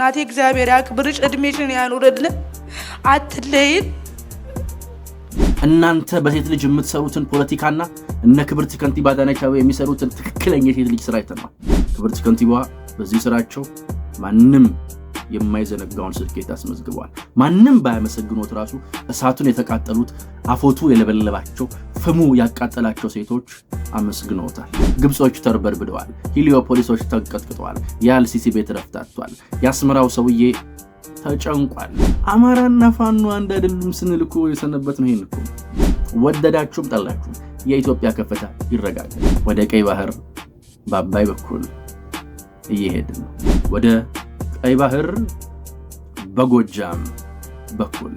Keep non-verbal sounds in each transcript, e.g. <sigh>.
እናቴ እግዚአብሔር ያክብርሽ፣ እድሜሽን ያኑርልን፣ አትለይን። እናንተ በሴት ልጅ የምትሰሩትን ፖለቲካና እነ ክብርት ከንቲባ አዳነች አቤቤ የሚሰሩትን ትክክለኛ የሴት ልጅ ስራ አይተነዋል። ክብርት ከንቲባ በዚህ ስራቸው ማንም የማይዘነጋውን ስኬት አስመዝግበዋል። ማንም ባያመሰግኖት ራሱ እሳቱን የተቃጠሉት አፎቱ የለበለባቸው ፍሙ ያቃጠላቸው ሴቶች አመስግኖታል። ግብጾች ተርበርብደዋል። ሂሊዮፖሊሶች ተንቀጥቅጠዋል። የአልሲሲ ቤት ረፍታቷል። የአስመራው ሰውዬ ተጨንቋል። አማራና ፋኖ አንድ አይደሉም ስንልኮ የሰነበት ነው። ይህን እኮ ወደዳችሁም ጠላችሁም የኢትዮጵያ ከፍታ ይረጋጋል። ወደ ቀይ ባህር በአባይ በኩል እየሄድን ነው። ወደ ቀይ ባህር በጎጃም በኩል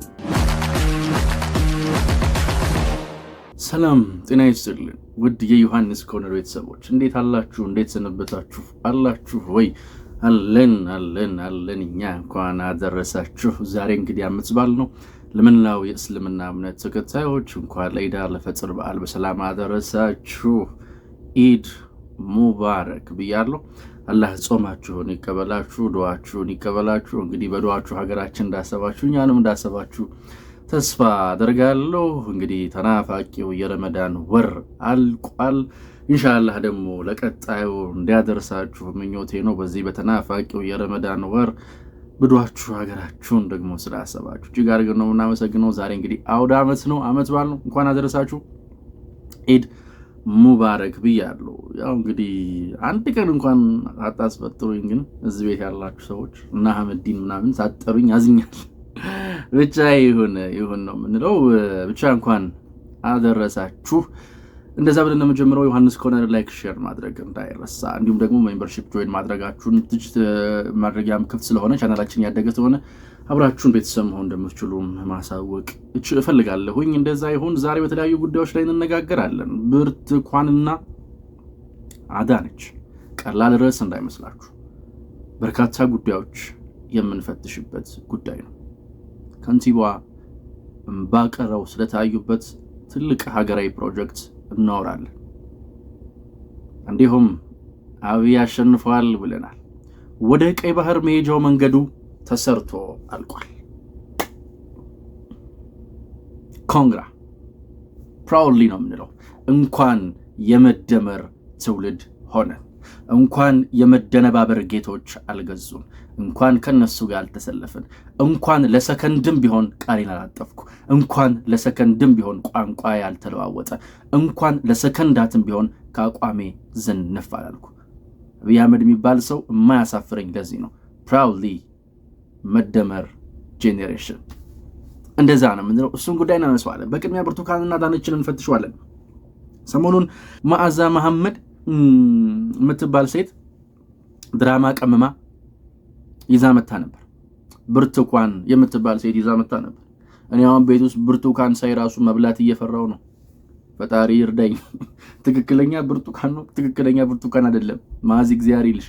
ሰላም ጤና ይስጥልን። ውድ የዮሐንስ ኮርነር ቤተሰቦች እንዴት አላችሁ? እንዴት ሰነበታችሁ? አላችሁ ወይ? አለን አለን አለን። እኛ እንኳን አደረሳችሁ። ዛሬ እንግዲህ ዓመት በዓል ነው። ለመላው የእስልምና እምነት ተከታዮች እንኳን ለዳ ለፈጥር በዓል በሰላም አደረሳችሁ። ኢድ ሙባረክ ብያለሁ። አላህ ጾማችሁን ይቀበላችሁ፣ ዱዋችሁን ይቀበላችሁ። እንግዲህ በዱዋችሁ ሀገራችን እንዳሰባችሁ እኛንም እንዳሰባችሁ ተስፋ አደርጋለሁ። እንግዲህ ተናፋቂው የረመዳን ወር አልቋል። ኢንሻላህ ደግሞ ለቀጣዩ እንዲያደርሳችሁ ምኞቴ ነው። በዚህ በተናፋቂው የረመዳን ወር ብዷችሁ ሀገራችሁን ደግሞ ስላሰባችሁ እጅግ አድርገን ነው የምናመሰግነው። ዛሬ እንግዲህ አውደ ዓመት ነው፣ ዓመት በዓል ነው። እንኳን አደረሳችሁ ኢድ ሙባረክ ብያለሁ። ያው እንግዲህ አንድ ቀን እንኳን አታስፈጥሩኝ፣ ግን እዚህ ቤት ያላችሁ ሰዎች እና ሀመዲን ምናምን ሳጠሩኝ አዝኛል። <laughs> ብቻ ይሁን ይሁን ነው የምንለው። ብቻ እንኳን አደረሳችሁ። እንደዛ ብለን እንደምጀምረው ዮሐንስ ኮርነር ላይክ፣ ሼር ማድረግ እንዳይረሳ፣ እንዲሁም ደግሞ ሜምበርሺፕ ጆይን ማድረጋችሁን ትችት ማድረጊያም ክፍት ስለሆነ ቻናላችን ያደገ ስለሆነ አብራችሁን ቤተሰብ መሆን እንደምትችሉም ማሳወቅ እፈልጋለሁኝ። እንደዛ ይሁን። ዛሬ በተለያዩ ጉዳዮች ላይ እንነጋገራለን። ብርቱካንና አዳነች ቀላል ርዕስ እንዳይመስላችሁ፣ በርካታ ጉዳዮች የምንፈትሽበት ጉዳይ ነው። ከንቲባ ባቀረው ስለታዩበት ትልቅ ሀገራዊ ፕሮጀክት እናወራለን። እንዲሁም አብይ አሸንፈዋል ብለናል። ወደ ቀይ ባህር መሄጃው መንገዱ ተሰርቶ አልቋል። ኮንግራ ፕራውድሊ ነው የምንለው። እንኳን የመደመር ትውልድ ሆነ። እንኳን የመደነባበር ጌቶች አልገዙም። እንኳን ከነሱ ጋር አልተሰለፍን። እንኳን ለሰከንድም ቢሆን ቃሌን አላጠፍኩ። እንኳን ለሰከንድም ቢሆን ቋንቋ ያልተለዋወጠ፣ እንኳን ለሰከንዳትም ቢሆን ከአቋሜ ዝንፍ አላልኩ። አብይ አህመድ የሚባል ሰው የማያሳፍረኝ ለዚህ ነው ፕራውድሊ መደመር ጄኔሬሽን እንደዛ ነው ምንድነው? እሱን ጉዳይ እናነሳዋለን። በቅድሚያ ብርቱካንና ዳነችን እንፈትሸዋለን። ሰሞኑን መዓዛ መሐመድ የምትባል ሴት ድራማ ቀመማ ይዛ መታ ነበር። ብርቱካን የምትባል ሴት ይዛ መታ ነበር። እኔ አሁን ቤት ውስጥ ብርቱካን ሳይ ራሱ መብላት እየፈራው ነው። ፈጣሪ እርዳኝ። <laughs> ትክክለኛ ብርቱካን ነው፣ ትክክለኛ ብርቱካን አይደለም። ማዚ እግዚአብሔር ይልሽ።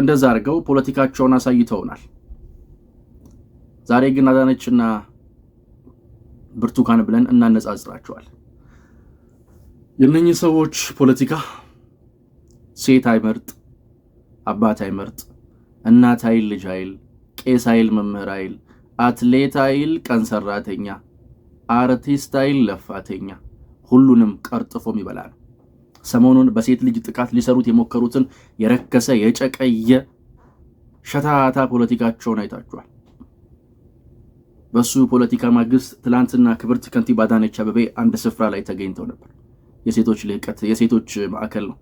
እንደዛ አድርገው ፖለቲካቸውን አሳይተውናል። ዛሬ ግን አዳነችና ብርቱካን ብለን እናነጻጽራቸዋል። የእነኚህ ሰዎች ፖለቲካ ሴት አይመርጥ፣ አባት አይመርጥ፣ እናት አይል፣ ልጅ አይል፣ ቄስ አይል፣ መምህር አይል፣ አትሌት አይል፣ ቀን ሰራተኛ፣ አርቲስት አይል፣ ለፋተኛ ሁሉንም ቀርጥፎም ይበላል። ሰሞኑን በሴት ልጅ ጥቃት ሊሰሩት የሞከሩትን የረከሰ የጨቀየ ሸታታ ፖለቲካቸውን አይታችኋል። በሱ ፖለቲካ ማግስት ትላንትና ክብርት ከንቲባ አዳነች አበቤ አንድ ስፍራ ላይ ተገኝተው ነበር። የሴቶች ልህቀት የሴቶች ማዕከል ነው።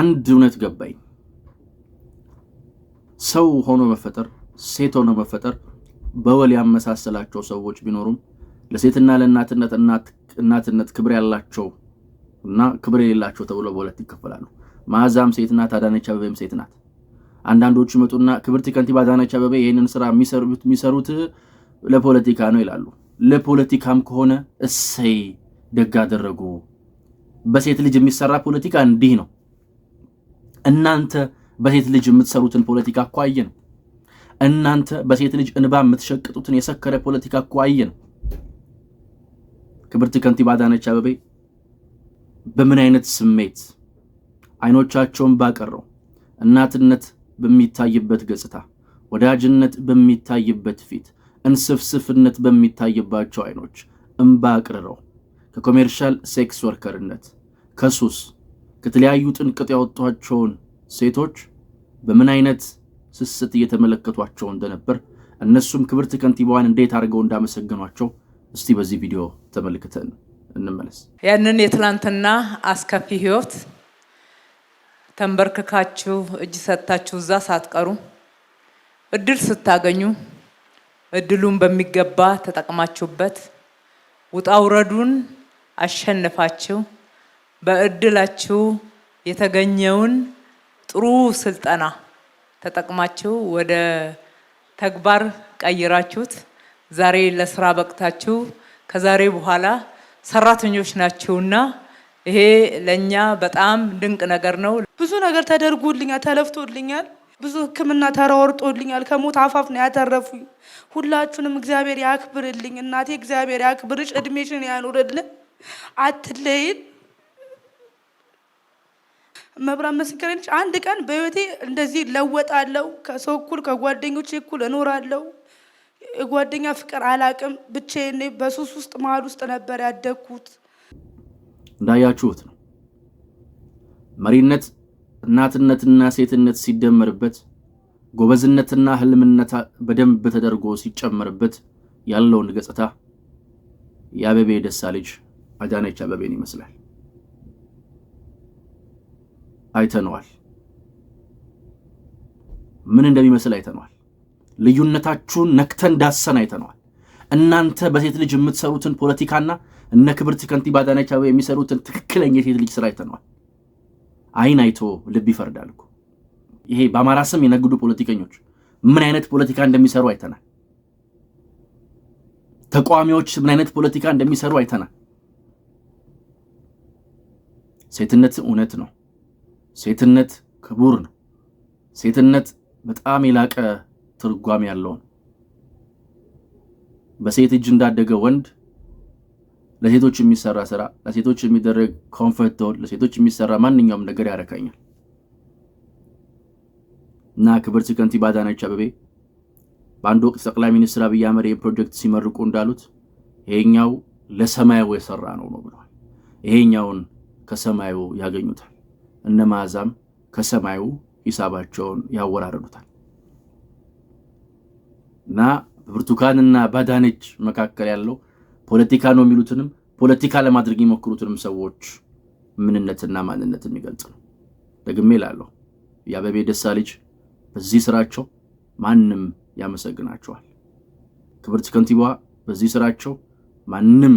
አንድ እውነት ገባኝ። ሰው ሆኖ መፈጠር፣ ሴት ሆኖ መፈጠር በወል ያመሳሰላቸው ሰዎች ቢኖሩም ለሴትና ለእናትነት እናትነት ክብር ያላቸው እና ክብር የሌላቸው ተብሎ በሁለት ይከፈላሉ። መዓዛም ሴት ናት፣ አዳነች አበቤም ሴት ናት። አንዳንዶቹ ይመጡና ክብርት ከንቲባ አዳነች አበቤ ይህንን ስራ የሚሰሩት ለፖለቲካ ነው ይላሉ። ለፖለቲካም ከሆነ እሰይ ደግ አደረጉ። በሴት ልጅ የሚሰራ ፖለቲካ እንዲህ ነው። እናንተ በሴት ልጅ የምትሰሩትን ፖለቲካ እኮ አየን። እናንተ በሴት ልጅ እንባ የምትሸቅጡትን የሰከረ ፖለቲካ እኮ አየን። ክብርት ከንቲባ አዳነች አበቤ በምን አይነት ስሜት አይኖቻቸውን ባቀረው እናትነት በሚታይበት ገጽታ፣ ወዳጅነት በሚታይበት ፊት፣ እንስፍስፍነት በሚታይባቸው አይኖች እምባ አቅርረው ከኮሜርሻል ሴክስ ወርከርነት ከሱስ ከተለያዩ ጥንቅጥ ያወጧቸውን ሴቶች በምን አይነት ስስት እየተመለከቷቸው እንደነበር እነሱም ክብርት ከንቲባዋን እንዴት አድርገው እንዳመሰገኗቸው እስቲ በዚህ ቪዲዮ ተመልክተን እንመለስ። ያንን የትላንትና አስከፊ ህይወት ተንበርክካችሁ እጅ ሰጥታችሁ እዛ ሳትቀሩ እድል ስታገኙ እድሉን በሚገባ ተጠቅማችሁበት ውጣውረዱን አሸንፋችሁ በእድላችሁ የተገኘውን ጥሩ ስልጠና ተጠቅማችሁ ወደ ተግባር ቀይራችሁት ዛሬ ለስራ በቅታችሁ ከዛሬ በኋላ ሰራተኞች ናችሁና ይሄ ለእኛ በጣም ድንቅ ነገር ነው። ብዙ ነገር ተደርጎልኛል፣ ተለፍቶልኛል። ብዙ ሕክምና ተራወርጦልኛል። ከሞት አፋፍ ነው ያተረፉኝ። ሁላችሁንም እግዚአብሔር ያክብርልኝ። እናቴ እግዚአብሔር ያክብርሽ፣ እድሜሽን ያኖርልን፣ አትለይን። መብራት ምስክሬ አንድ ቀን በህይወቴ እንደዚህ ለወጣለው ከሰው እኩል ከጓደኞች እኩል እኖራለው። የጓደኛ ፍቅር አላቅም። ኔ በሱስ ውስጥ መሀል ውስጥ ነበር ያደግኩት። እንዳያችሁት ነው መሪነት እናትነትና ሴትነት ሲደመርበት ጎበዝነትና ህልምነት በደንብ ተደርጎ ሲጨመርበት ያለውን ገጽታ የአበቤ ደሳ ልጅ አዳነች አበቤን ይመስላል። አይተነዋል፣ ምን እንደሚመስል አይተነዋል። ልዩነታችሁን ነክተን ዳሰን አይተነዋል። እናንተ በሴት ልጅ የምትሰሩትን ፖለቲካና እነ ክብርት ከንቲባ አዳነች አቤቤ የሚሰሩትን ትክክለኛ የሴት ልጅ ስራ አይተነዋል። አይን አይቶ ልብ ይፈርዳል እኮ። ይሄ በአማራ ስም የነግዱ ፖለቲከኞች ምን አይነት ፖለቲካ እንደሚሰሩ አይተናል። ተቃዋሚዎች ምን አይነት ፖለቲካ እንደሚሰሩ አይተናል። ሴትነት እውነት ነው። ሴትነት ክቡር ነው። ሴትነት በጣም የላቀ ትርጓም ያለው ነው። በሴት እጅ እንዳደገ ወንድ ለሴቶች የሚሰራ ስራ፣ ለሴቶች የሚደረግ ኮንፈርት፣ ለሴቶች የሚሰራ ማንኛውም ነገር ያረካኛል እና ክብርት ከንቲባ አዳነች አቤቤ በአንድ ወቅት ጠቅላይ ሚኒስትር አብይ አህመድ ፕሮጀክት ሲመርቁ እንዳሉት ይሄኛው ለሰማዩ የሰራ ነው ነው ብለዋል። ይሄኛውን ከሰማዩ ያገኙታል። እነ መዓዛም ከሰማዩ ሂሳባቸውን ያወራረዱታል። እና በብርቱካንና በአዳነች መካከል ያለው ፖለቲካ ነው የሚሉትንም ፖለቲካ ለማድረግ የሞክሩትንም ሰዎች ምንነትና ማንነት የሚገልጽ ነው። ደግሜ ላለሁ የአበቤ ደሳ ልጅ በዚህ ስራቸው ማንም ያመሰግናቸዋል። ክብርት ከንቲባ በዚህ ስራቸው ማንም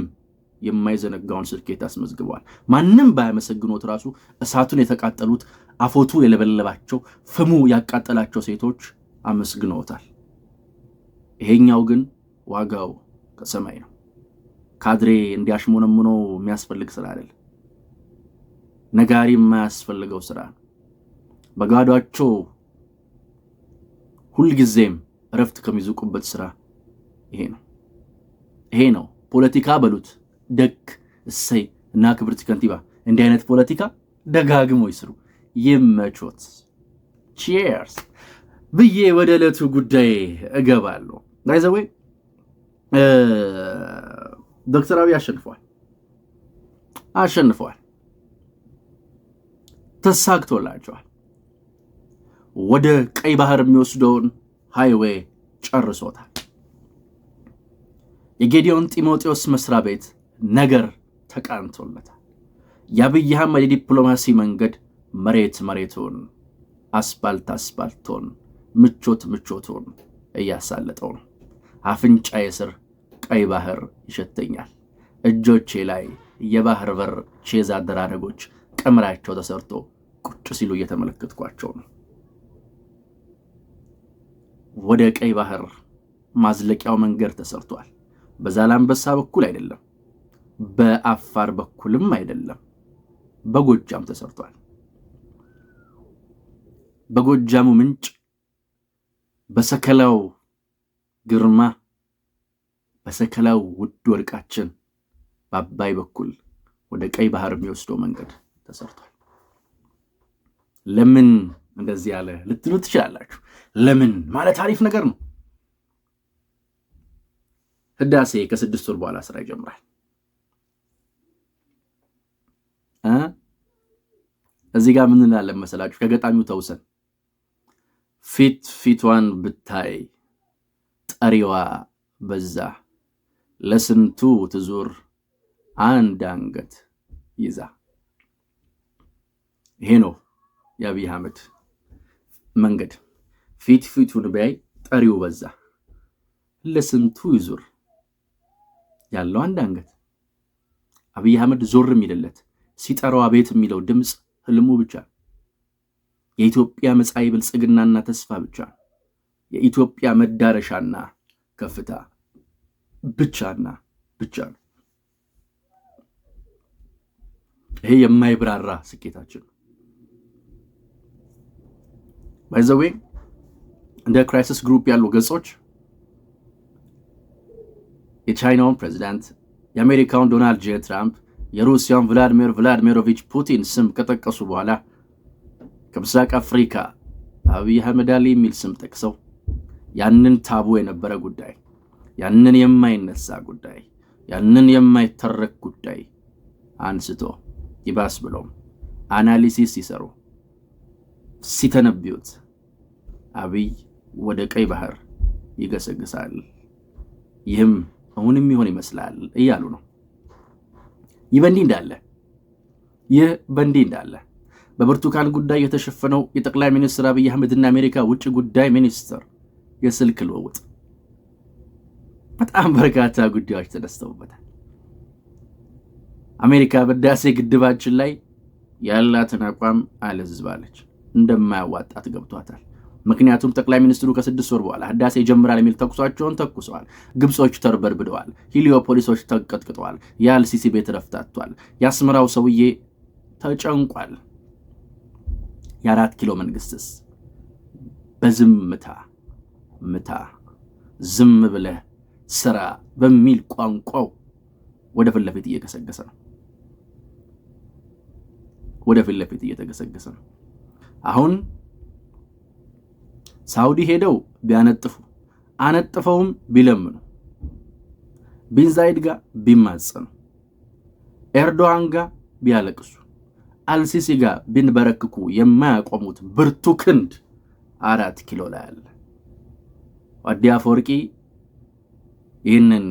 የማይዘነጋውን ስኬት አስመዝግበዋል። ማንም ባያመሰግኖት ራሱ እሳቱን የተቃጠሉት አፎቱ የለበለባቸው ፍሙ ያቃጠላቸው ሴቶች አመስግነውታል። ይሄኛው ግን ዋጋው ከሰማይ ነው። ካድሬ እንዲያሽሞነምኖ የሚያስፈልግ ስራ አይደል፣ ነጋሪ የማያስፈልገው ስራ በጓዷቸው ሁልጊዜም እረፍት ከሚዙቁበት ስራ ይሄ ነው። ይሄ ነው ፖለቲካ በሉት። ደግ እሰይ እና ክብርት ከንቲባ እንዲህ አይነት ፖለቲካ ደጋግሞ ይስሩ ይመቾት። ቺየርስ ብዬ ወደ ዕለቱ ጉዳይ እገባለሁ። ባይዘወይ ዶክተር አብይ አሸንፈዋል አሸንፈዋል። ተሳክቶላቸዋል። ወደ ቀይ ባህር የሚወስደውን ሃይዌይ ጨርሶታል። የጌዲዮን ጢሞቴዎስ መስሪያ ቤት ነገር ተቃንቶለታል። የአብይ አህመድ የዲፕሎማሲ መንገድ መሬት መሬቱን፣ አስፓልት አስፓልቶን ምቾት ምቾቱን እያሳለጠው ነው። አፍንጫዬ ስር ቀይ ባህር ይሸተኛል። እጆቼ ላይ የባህር በር ቼዝ አደራረጎች ቀምራቸው ተሰርቶ ቁጭ ሲሉ እየተመለከትኳቸው ነው። ወደ ቀይ ባህር ማዝለቂያው መንገድ ተሰርቷል። በዛላንበሳ በኩል አይደለም፣ በአፋር በኩልም አይደለም፣ በጎጃም ተሰርቷል። በጎጃሙ ምንጭ በሰከላው ግርማ በሰከላው ውድ ወርቃችን በአባይ በኩል ወደ ቀይ ባህር የሚወስደው መንገድ ተሰርቷል። ለምን እንደዚህ ያለ ልትሉ ትችላላችሁ። ለምን ማለት አሪፍ ነገር ነው። ህዳሴ ከስድስት ወር በኋላ ስራ ይጀምራል። እዚህ ጋር ምን እንላለን መሰላችሁ? ከገጣሚው ተውሰን ፊት ፊቷን ብታይ ጠሪዋ በዛ ለስንቱ ትዙር አንድ አንገት ይዛ። ይሄ ነው የአብይ አህመድ መንገድ። ፊት ፊቱን ቢያይ ጠሪው በዛ ለስንቱ ይዙር ያለው አንድ አንገት። አብይ አህመድ ዞር የሚልለት ሲጠራው አቤት የሚለው ድምፅ ህልሙ ብቻ የኢትዮጵያ መጻኢ ብልጽግናና ተስፋ ብቻ የኢትዮጵያ መዳረሻና ከፍታ ብቻና ብቻ ነው። ይሄ የማይብራራ ስኬታችን ነው። ባይዘዌ እንደ ክራይሲስ ግሩፕ ያሉ ገጾች የቻይናውን ፕሬዚዳንት፣ የአሜሪካውን ዶናልድ ጄ ትራምፕ፣ የሩሲያውን ቭላዲሚር ቭላድሚሮቪች ፑቲን ስም ከጠቀሱ በኋላ ከምስራቅ አፍሪካ አብይ አህመድ አሊ የሚል ስም ጠቅሰው ያንን ታቡ የነበረ ጉዳይ፣ ያንን የማይነሳ ጉዳይ፣ ያንን የማይተረክ ጉዳይ አንስቶ ይባስ ብሎም አናሊሲስ ሲሰሩ ሲተነብዩት አብይ ወደ ቀይ ባህር ይገሰግሳል። ይህም አሁንም የሚሆን ይመስላል እያሉ ነው። ይህ በእንዲህ እንዳለ ይህ በእንዲህ እንዳለ በብርቱካን ጉዳይ የተሸፈነው የጠቅላይ ሚኒስትር አብይ አህመድና አሜሪካ ውጭ ጉዳይ ሚኒስትር የስልክ ልውውጥ በጣም በርካታ ጉዳዮች ተነስተውበታል። አሜሪካ በህዳሴ ግድባችን ላይ ያላትን አቋም አለዝባለች። እንደማያዋጣት ገብቷታል። ምክንያቱም ጠቅላይ ሚኒስትሩ ከስድስት ወር በኋላ ህዳሴ ይጀምራል የሚል ተኩሷቸውን ተኩሰዋል። ግብጾቹ ተርበድብደዋል። ሂሊዮፖሊሶች ተቀጥቅጠዋል። የአልሲሲ ቤት ረፍታቷል፣ የአስመራው ሰውዬ ተጨንቋል። የአራት ኪሎ መንግስትስ በዝምታ ምታ፣ ዝም ብለህ ስራ በሚል ቋንቋው ወደ ፊት ለፊት እየገሰገሰ ነው። ወደ ፊት ለፊት እየተገሰገሰ ነው። አሁን ሳውዲ ሄደው ቢያነጥፉ አነጥፈውም ቢለምኑ ቢን ዛይድ ጋር ቢማጸኑ ኤርዶሃን ጋር ቢያለቅሱ አልሲሲ ጋር ቢንበረክኩ የማያቆሙት ብርቱ ክንድ አራት ኪሎ ላይ አለ። አዲ አፈወርቂ ይህንን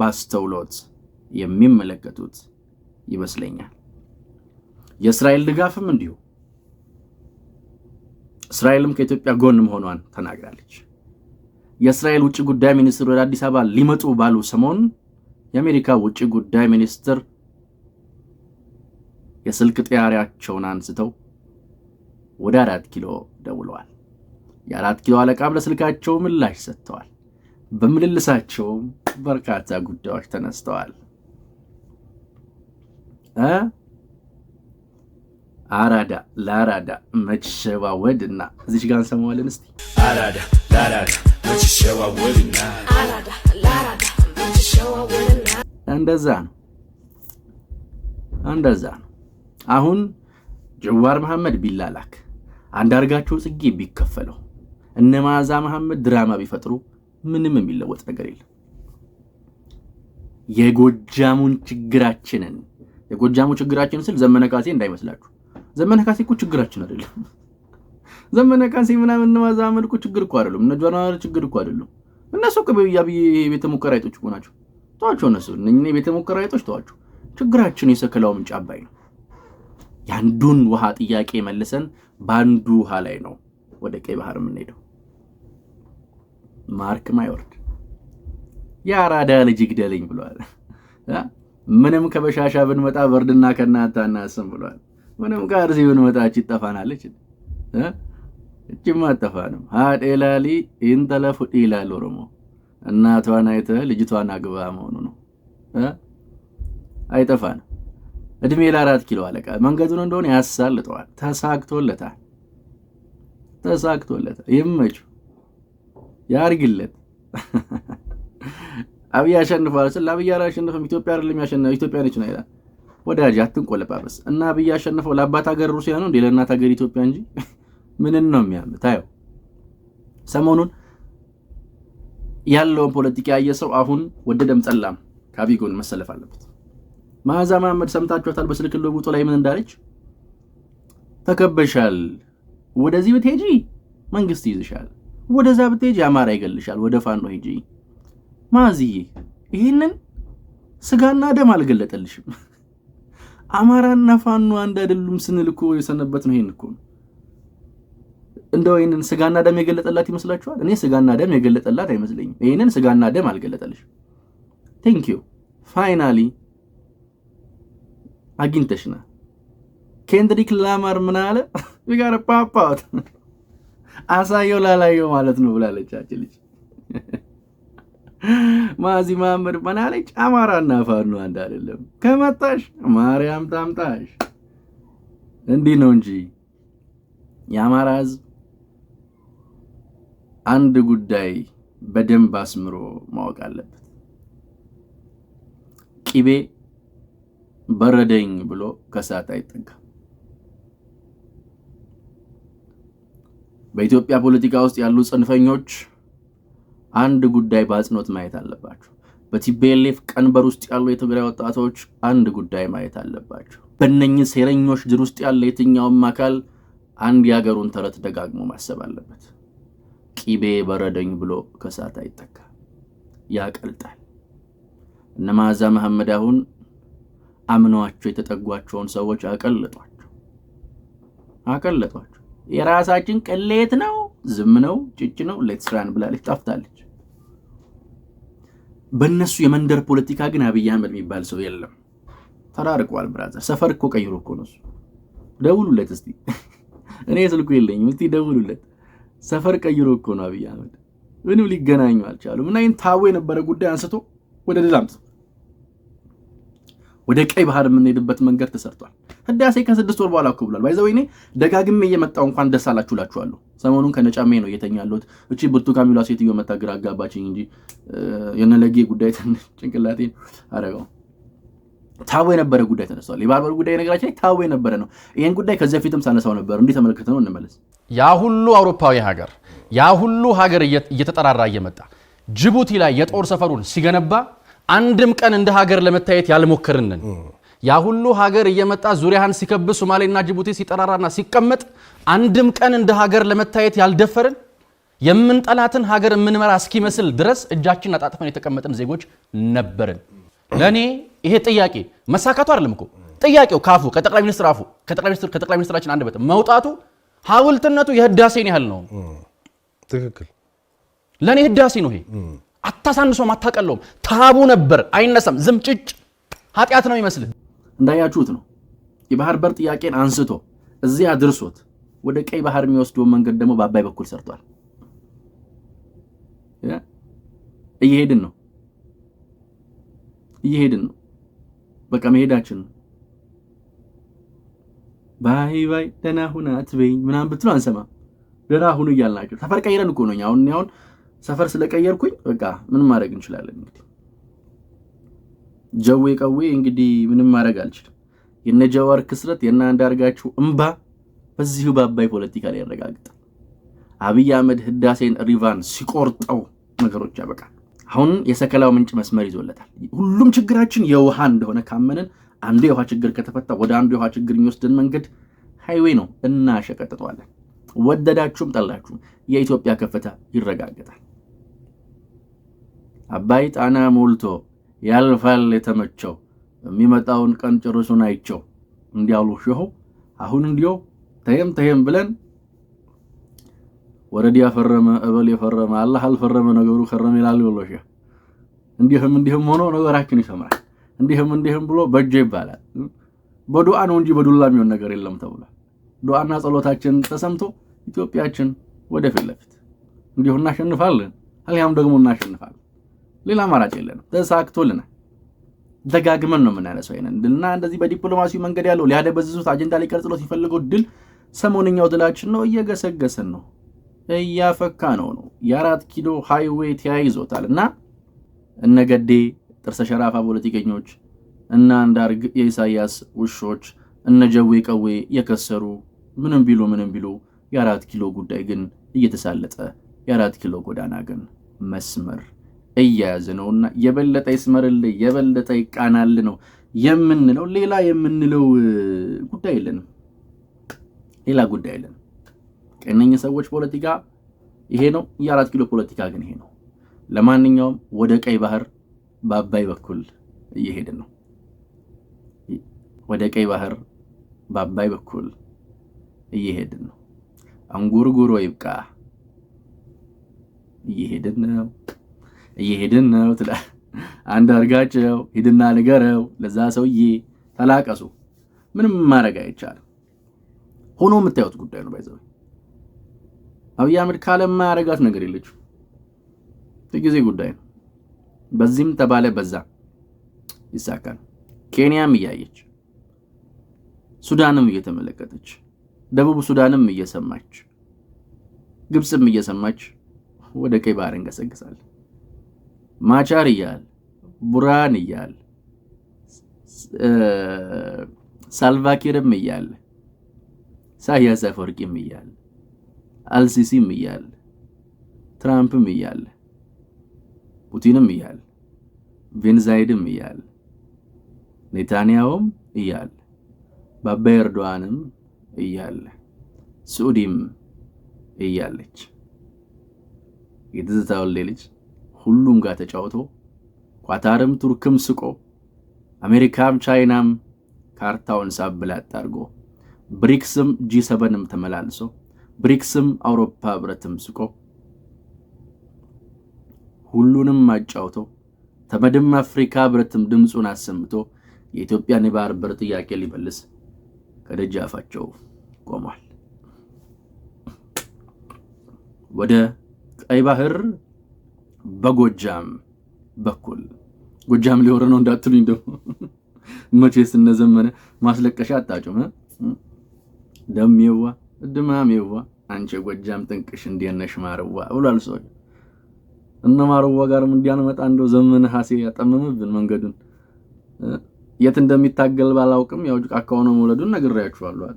ባስተውሎት የሚመለከቱት ይመስለኛል። የእስራኤል ድጋፍም እንዲሁ እስራኤልም ከኢትዮጵያ ጎን መሆኗን ተናግራለች። የእስራኤል ውጭ ጉዳይ ሚኒስትር ወደ አዲስ አበባ ሊመጡ ባሉ ሰሞን የአሜሪካ ውጭ ጉዳይ ሚኒስትር የስልክ ጥያሪያቸውን አንስተው ወደ አራት ኪሎ ደውለዋል። የአራት ኪሎ አለቃም ለስልካቸው ምላሽ ሰጥተዋል። በምልልሳቸውም በርካታ ጉዳዮች ተነስተዋል። አራዳ ለአራዳ መች ወድና እዚች ጋር እንሰማዋለን። እስኪ አራዳ ለአራዳ አራዳ ለአራዳ እንደዛ ነው፣ እንደዛ ነው። አሁን ጀዋር መሐመድ ቢላላክ አንዳርጋቸው ጽጌ ቢከፈለው እነ መዓዛ መሐመድ ድራማ ቢፈጥሩ ምንም የሚለወጥ ነገር የለም። የጎጃሙን ችግራችንን የጎጃሙ ችግራችን ስል ዘመነ ካሴ እንዳይመስላችሁ። ዘመነ ካሴ እኮ ችግራችን አይደለም። <laughs> ዘመነ ካሴ ምናምን እነ መዓዛ መሐመድ እኮ ችግር እኮ አይደሉም። እነ ጃዋር ችግር እኮ አይደሉም። እነሱ እኮ የአብይ ቤተ ሙከራ አይጦች እኮ ናቸው። ተዋቸው እነሱ እነ ቤተ ሙከራ አይጦች ተዋቸው። ችግራችን የሰከላው ምንጭ አባይ ነው። የአንዱን ውሃ ጥያቄ መልሰን በአንዱ ውሃ ላይ ነው ወደ ቀይ ባህር የምንሄደው። ማርክ ማይወርድ የአራዳ ልጅ ይግደልኝ ብሏል። ምንም ከበሻሻ ብንመጣ በርድና ከናታ እናስም ብሏል። ምንም ከአርሲ ብንመጣ እቺ ትጠፋናለች። እቺማ አጠፋንም። ሀጤላሊ ኢንተለፉ ይላል ኦሮሞ። እናቷን አይተ ልጅቷን አግባ መሆኑ ነው። አይጠፋን እድሜ ለአራት ኪሎ አለቃ መንገዱን እንደሆነ ያሳልጠዋል። ተሳክቶለታል፣ ተሳክቶለታል። ይመችው። ያርግለት። <laughs> አብይ አሸንፏል ስል አብይ አላሸንፍም ኢትዮጵያ አይደለም ያሸነፈው ኢትዮጵያ ነች ነው ይላል። ወዳጅ አትንቆለጳበስ እና አብይ አሸንፈው ለአባት ሀገር ሩሲያ ነው እንዴ? ለእናት ሀገር ኢትዮጵያ እንጂ <laughs> ምንን ነው የሚያም ታየው። ሰሞኑን ያለውን ፖለቲካ ያየ ሰው አሁን ወደደም ጠላም ከአብይ ጎን መሰለፍ አለበት። መዓዛ መሐመድ ሰምታችኋታል። በስልክ ልውውጡ ላይ ምን እንዳለች ተከበሻል፣ ወደዚህ ብትሄጂ መንግስት ይይዝሻል ወደዛ ብትሄጅ አማራ ይገልሻል፣ ወደ ፋኖ ሂጂ። ማዝዬ ይህንን ስጋና ደም አልገለጠልሽም። አማራና ፋኖ አንድ አይደሉም ስንል እኮ የሰነበት ነው። ይህን እኮ እንደው ይህንን ስጋና ደም የገለጠላት ይመስላችኋል? እኔ ስጋና ደም የገለጠላት አይመስለኝም። ይህንን ስጋና ደም አልገለጠልሽም። ቴንክ ዩ ፋይናሊ አግኝተሽና ኬንድሪክ ላማር ምን አለ ጋር <laughs> አሳየው ላላየው ማለት ነው ብላለች አች ልጅ ማዚ ማምር በናለች። አማራና ፋኖ አንድ አይደለም። ከመጣሽ ማርያም ታምጣሽ። እንዲህ ነው እንጂ የአማራ ሕዝብ አንድ ጉዳይ በደንብ አስምሮ ማወቅ አለበት። ቂቤ በረደኝ ብሎ ከሰዓት አይጠጋም። በኢትዮጵያ ፖለቲካ ውስጥ ያሉ ጽንፈኞች አንድ ጉዳይ በአጽንኦት ማየት አለባቸው። በቲፒኤልኤፍ ቀንበር ውስጥ ያሉ የትግራይ ወጣቶች አንድ ጉዳይ ማየት አለባቸው። በእነኝህ ሴረኞች ድር ውስጥ ያለ የትኛውም አካል አንድ የሀገሩን ተረት ደጋግሞ ማሰብ አለበት። ቂቤ በረደኝ ብሎ ከሳት አይጠካ ያቀልጣል። እነ መዓዛ መሐመድ አሁን አምነዋቸው የተጠጓቸውን ሰዎች አቀለጧቸው አቀለጧቸው። የራሳችን ቅሌት ነው፣ ዝም ነው፣ ጭጭ ነው፣ ሌትስራን ብላለች፣ ጣፍታለች። በእነሱ የመንደር ፖለቲካ ግን አብይ አህመድ የሚባል ሰው የለም። ተራርቀዋል ብራዘር። ሰፈር እኮ ቀይሮ እኮ ነው ደውሉለት እስቲ፣ እኔ ስልኩ የለኝም። እስቲ ደውሉለት። ሰፈር ቀይሮ እኮ ነው አብይ አህመድ። ምንም ሊገናኙ አልቻሉም። እና ይህን ታቦ የነበረ ጉዳይ አንስቶ ወደ ድል አምጥተው ወደ ቀይ ባህር የምንሄድበት መንገድ ተሰርቷል። ህዳሴ ከስድስት ወር በኋላ እኮ ብሏል። ባይዘው እኔ ደጋግሜ እየመጣው እንኳን ደስ አላችሁ እላችኋለሁ። ሰሞኑን ከነጫሜ ነው እየተኛለሁት። እቺ ብርቱካን የሚሏ ሴትዮ መታገር አጋባችኝ እንጂ የነለጌ ጉዳይ ጭንቅላቴን አረገው። ታቦ የነበረ ጉዳይ ተነስቷል። የባርበር ጉዳይ ነገራችን ላይ ታቦ የነበረ ነው። ይህን ጉዳይ ከዚያ ፊትም ሳነሳው ነበር። እንዲህ ተመለከተ ነው እንመለስ። ያ ሁሉ አውሮፓዊ ሀገር ያ ሁሉ ሀገር እየተጠራራ እየመጣ ጅቡቲ ላይ የጦር ሰፈሩን ሲገነባ አንድም ቀን እንደ ሀገር ለመታየት ያልሞከርንን ያ ሁሉ ሀገር እየመጣ ዙሪያህን ሲከብ ሶማሌና ጅቡቲ ሲጠራራና ሲቀመጥ አንድም ቀን እንደ ሀገር ለመታየት ያልደፈርን የምንጠላትን ሀገር የምንመራ እስኪመስል ድረስ እጃችን አጣጥፈን የተቀመጥን ዜጎች ነበርን። ለእኔ ይሄ ጥያቄ መሳካቱ አይደለም እኮ ጥያቄው ካፉ ከጠቅላይ ሚኒስትር አፉ ከጠቅላይ ሚኒስትራችን አንደበት መውጣቱ ሀውልትነቱ የህዳሴን ያህል ነው። ትክክል ለእኔ ህዳሴ ነው ይሄ። አታሳንሶም፣ አታቀለውም። ታቡ ነበር አይነሳም። ዝም ጭጭ ኃጢአት ነው ይመስልህ። እንዳያችሁት ነው የባህር በር ጥያቄን አንስቶ እዚያ አድርሶት ወደ ቀይ ባህር የሚወስደውን መንገድ ደግሞ በአባይ በኩል ሰርቷል። እየሄድን ነው እየሄድን ነው። በቃ መሄዳችን ነው። ባይ ባይ ደህና ሁን አትበይኝ ምናምን ብትሉ አንሰማም። ደህና ሁኑ እያልናቸው ተፈርቀይረን እኮ ነው አሁን ሰፈር ስለቀየርኩኝ በቃ ምን ማድረግ እንችላለን? እንግዲህ ጀዌ ቀዌ እንግዲህ ምንም ማድረግ አልችልም። የነ ጀዋር ክስረት የነ አንዳርጋቸው እምባ በዚሁ በአባይ ፖለቲካ ላይ ያረጋግጣል። አብይ አህመድ ህዳሴን ሪቫን ሲቆርጠው ነገሮች ያበቃል። አሁን የሰከላው ምንጭ መስመር ይዞለታል። ሁሉም ችግራችን የውሃ እንደሆነ ካመንን አንዱ የውሃ ችግር ከተፈታ ወደ አንዱ የውሃ ችግር የሚወስድን መንገድ ሃይዌይ ነው እናሸቀጥጠዋለን። ወደዳችሁም ጠላችሁም የኢትዮጵያ ከፍታ ይረጋግጣል። አባይ ጣና ሞልቶ ያልፋል የተመቸው የሚመጣውን ቀን ጭርሱን አይቸው እንዲያሉ ሸሆ አሁን እንዲዮ ተየም ተየም ብለን ወረድ ያፈረመ እበል የፈረመ አላህ አልፈረመ ነገሩ ከረመ ይላል ብሎ ሸህ እንዲህም እንዲህም ሆኖ ነገራችን ይሰምራል። እንዲህም እንዲህም ብሎ በጀ ይባላል። በዱዓ ነው እንጂ በዱላ የሚሆን ነገር የለም ተብሏል። ዱዓና ጸሎታችን ተሰምቶ ኢትዮጵያችን ወደፊት ለፊት እንዲሁ እናሸንፋለን። አልያም ደግሞ እናሸንፋለን። ሌላ አማራጭ የለንም። ተሳክቶልናል። ደጋግመን ነው የምናነሳው ይሄንን ድልና እንደዚህ በዲፕሎማሲው መንገድ ያለው ሊያደበዝዙት አጀንዳ ቀርጽሎ ሲፈልገው ድል ሰሞንኛው ድላችን ነው። እየገሰገስን ነው፣ እያፈካ ነው ነው የአራት ኪሎ ሃይዌይ ተያይዞታል እና እነገዴ ጥርሰ ሸራፋ ፖለቲከኞች እና አንዳርግ የኢሳያስ ውሾች እነ ጀዌ ቀዌ የከሰሩ ምንም ቢሉ ምንም ቢሉ የአራት ኪሎ ጉዳይ ግን እየተሳለጠ የአራት ኪሎ ጎዳና ግን መስመር እያያዝ ነውና የበለጠ ይስመርልህ የበለጠ ይቃናል ነው የምንለው። ሌላ የምንለው ጉዳይ የለንም። ሌላ ጉዳይ የለንም። ቀነኝ ሰዎች ፖለቲካ ይሄ ነው። የአራት ኪሎ ፖለቲካ ግን ይሄ ነው። ለማንኛውም ወደ ቀይ ባህር በአባይ በኩል እየሄድን ነው። ወደ ቀይ ባህር በአባይ በኩል እየሄድን ነው። አንጉርጉሮ ይብቃ። እየሄድን ነው። እየሄድን ነው ትላል አንድ አድርጋቸው ሂድና ንገረው ለዛ ሰውዬ ተላቀሱ። ምንም ማድረግ አይቻልም። ሆኖ የምታዩት ጉዳይ ነው። ባይዘው አብይ አህመድ ካለ ማያረጋት ነገር የለችው ጊዜ ጉዳይ ነው። በዚህም ተባለ በዛ ይሳካል። ኬንያም እያየች ሱዳንም እየተመለከተች ደቡብ ሱዳንም እየሰማች ግብፅም እየሰማች ወደ ቀይ ባህር እንገሰግሳለን። ማቻር እያል፣ ቡራን እያል፣ ሳልቫኪርም እያል፣ ኢሳያስ አፈወርቂም እያል፣ አልሲሲም እያል፣ ትራምፕም እያል፣ ፑቲንም እያል፣ ቬንዛይድም እያል፣ ኔታንያውም እያል፣ በአባይ ኤርዶዋንም እያለ ስዑዲም እያለች የትዝታው ልጅ ሁሉም ጋር ተጫውቶ ኳታርም ቱርክም ስቆ አሜሪካም ቻይናም ካርታውን ሳብላጥ አድርጎ ብሪክስም ጂ ተመላልሶ ብሪክስም አውሮፓ ህብረትም ስቆ ሁሉንም አጫውቶ ተመድም አፍሪካ ህብረትም ድምፁን አሰምቶ የኢትዮጵያን የባህር በር ጥያቄ ሊመልስ ከደጃፋቸው ቆሟል። ወደ ቀይ ባህር በጎጃም በኩል ጎጃም ሊወረ ነው እንዳትሉኝ ደግሞ መቼስ እነዘመነ ማስለቀሻ አጣጩም ደሜዋ ድማሜዋ አንቺ ጎጃም ጥንቅሽ እንዴት ማርዋ ብሏል ሰው እነ ማርዋ ጋርም እንዲያንመጣ እንደው ዘመነ ሀሴ ያጠመምብን መንገዱን የት እንደሚታገል ባላውቅም ያው ጭቃ ከሆነ መውለዱን ነግሬያችኋለሁ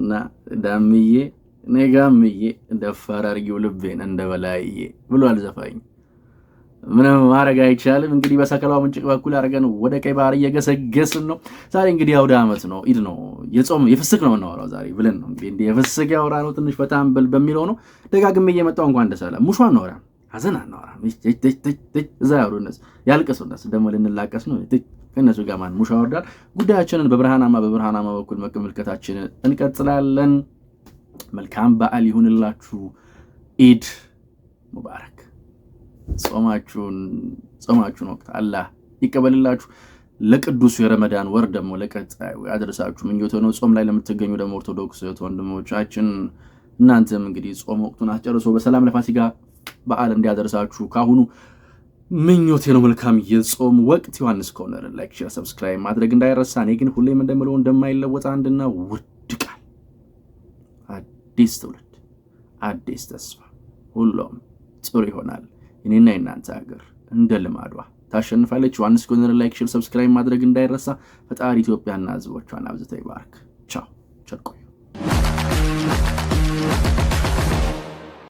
እና ዳምዬ ነጋምዬ ደፋር አርጊው ልቤን እንደ በላይዬ ብሏል ዘፋኝ ምንም ማድረግ አይቻልም። እንግዲህ በሰከላው ምንጭቅ በኩል አድርገን ወደ ቀይ ባህር እየገሰገስን ነው። ዛሬ እንግዲህ አውደ ዓመት ነው፣ ኢድ ነው፣ የጾም የፍስክ ነው የምናወራው ዛሬ ብለን ነው እንግዲህ የፍስክ ያወራ ነው። ትንሽ በጣም በል በሚለው ነው ደጋግሜ እየመጣው እንኳን ደስ አለ ሙሿ ነውራ ሀዘን አናወራ እዛ ያሉ እነሱ ያልቅሱ እነሱ ደግሞ ልንላቀስ ነው ከእነሱ ጋር ማን ሙሿ ወርዳል። ጉዳያችንን በብርሃናማ በብርሃናማ በኩል መመልከታችንን እንቀጥላለን። መልካም በዓል ይሁንላችሁ። ኢድ ሙባረክ ጾማችሁን ጾማችሁን ወቅት አላህ ይቀበልላችሁ። ለቅዱሱ የረመዳን ወር ደግሞ ለቀጣዩ ያደረሳችሁ ምኞት ነው። ጾም ላይ ለምትገኙ ደግሞ ኦርቶዶክስ ወንድሞቻችን እናንተም እንግዲህ ጾም ወቅቱን አስጨርሶ በሰላም ለፋሲካ በዓል እንዲያደርሳችሁ ካሁኑ ምኞቴ ነው። መልካም የጾም ወቅት። ዮሐንስ ኮርነር ላይክ፣ ሼር፣ ሰብስክራይብ ማድረግ እንዳይረሳ። እኔ ግን ሁሌም እንደምለው እንደማይለወጥ አንድና ውድ ቃል አዲስ ትውልድ፣ አዲስ ተስፋ፣ ሁሉም ጥሩ ይሆናል። የኔና የናንተ ሀገር እንደ ልማዷ ታሸንፋለች። ዮሐንስ ኮርነር ላይክ፣ ሼር፣ ሰብስክራይብ ማድረግ እንዳይረሳ። ፈጣሪ ኢትዮጵያና ህዝቦቿን አብዝተ ይባርክ። ቻው ቸርቆዩ